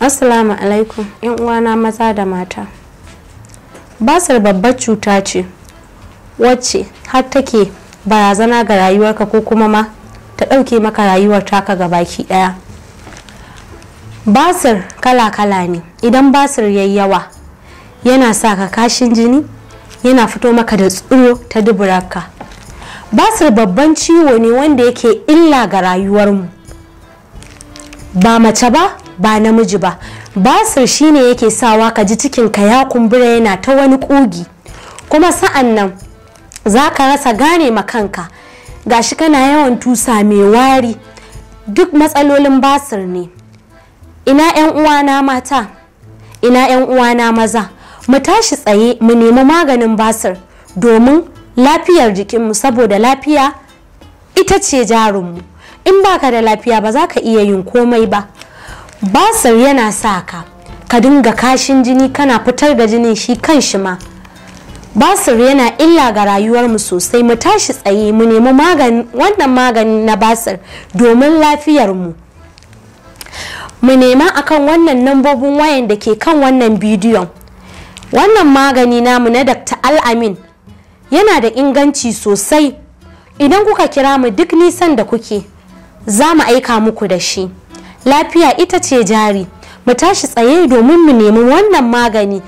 Assalamu alaikum yan uwana maza da mata. basar babbar cuta ce wacce har take barazana ga rayuwarka ko kuma ma ta ɗauke maka rayuwar taka ga baki ɗaya. basar kala-kala ne idan basir yayi yawa yana sa ka kashin jini yana fito maka da tsuro ta duburarka. basar babban ciwo ne wanda yake illa ga rayuwarmu. Ba mace ba ba namiji ba basir shine yake sawa ka ji cikinka ya kumbura yana ta wani ƙugi kuma sa'an nan za ka rasa gane ma kanka gashi kana yawan tusa mai wari duk matsalolin basir ne ina 'yan uwana mata ina 'yan uwana maza mu tashi tsaye mu nemi maganin basir domin lafiyar jikinmu saboda lafiya ita ce jarinmu in baka da lafiya ba za ka iya yin komai ba basar yana sa ka ka dinga kashin jini kana fitar da jinin shi kan shi ma basir yana illa ga rayuwarmu sosai mu tashi tsaye mu nemi wannan magani na basir domin lafiyar mu mu nema akan wannan nambobin wayan da ke kan wannan bidiyon wannan magani namu na dr al'amin yana da inganci sosai idan kuka kira mu duk nisan da kuke za mu aika muku da shi lafiya ita ce jari mu tashi tsaye domin mu nemi wannan magani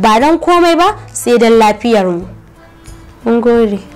ba don komai ba sai don lafiyarmu.